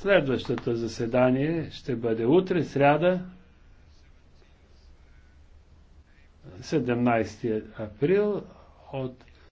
Следващото заседание ще бъде утре, сряда, 17 април от